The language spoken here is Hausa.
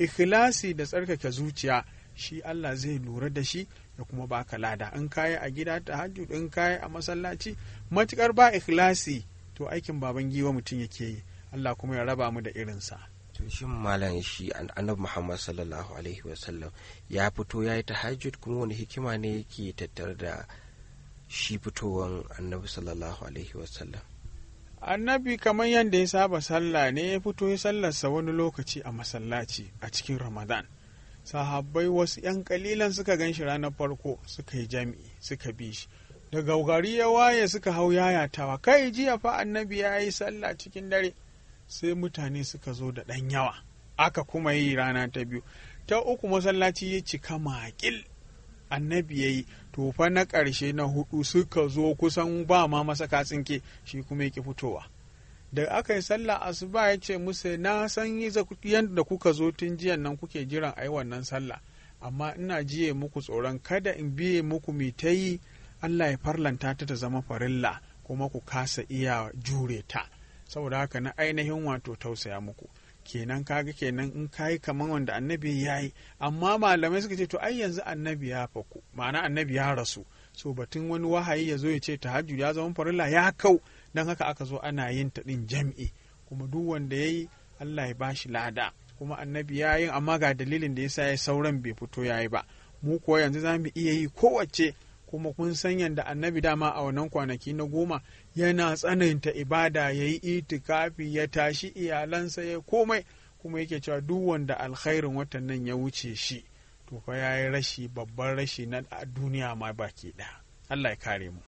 ikhlasi da tsarkake zuciya shi Allah zai lura da shi da kuma baka lada in kayi a gida ta hajju in kayi a masallaci matukar ba ikhlasi to aikin baban giwa mutum yake yi Allah kuma ya raba mu da irinsa to shin malam shi annabi Muhammad sallallahu alaihi wa sallam ya fito ya yi tahajjud kuma wani hikima ne yake tattare da shi fitowan annabi sallallahu alaihi wa sallam? annabi kamar yadda ya saba sallah ne ya fito ya sallarsa wani lokaci a masallaci a cikin ramadan sahabbai wasu 'yan kalilan suka gan shi ranar farko suka yi jami'i suka bi shi da gaugari ya waye suka hau yayatawa kai jiya fa annabi ya yi sallah cikin dare sai mutane suka zo da ɗan yawa aka kuma yi rana ta biyu ta uku masallaci ya cika makil annabi ya yi tofa na ƙarshe na hudu suka zo kusan ba ma masaka tsinke shi kuma yake fitowa da aka yi sallah asuba ya ce musu na san yadda kuka zo tun jiyan nan kuke jiran ai wannan sallah amma ina jiye muku tsoron kada in biye muku mai ta yi allah ya farlanta ta ta zama farilla kuma ku kasa iya jure ta saboda haka na ainihin wato tausaya muku kenan kaga kenan in kayi kaman wanda annabi ya yi amma malamai suka ce to ai yanzu annabi ya faku ma'ana annabi ya rasu so batun wani wahayi ya zo ya ce tahajjud ya zama farilla ya kau dan haka aka zo ana yin ta din jam'i kuma duk wanda ya yi Allah ya bashi lada kuma annabi ya yi amma ga dalilin da ya sa ya sauran bai fito ya yi ba mu kuwa yanzu za mu iya yi kowace kuma kun san yadda annabi dama a wannan kwanaki na goma yana tsananta ibada ya yi itikafi ya tashi iyalansa ya komai kuma yake cewa duk wanda alkhairin watan nan ya wuce shi to fa ya yi rashi babban rashi na duniya ma baki ɗaya Allah ya kare mu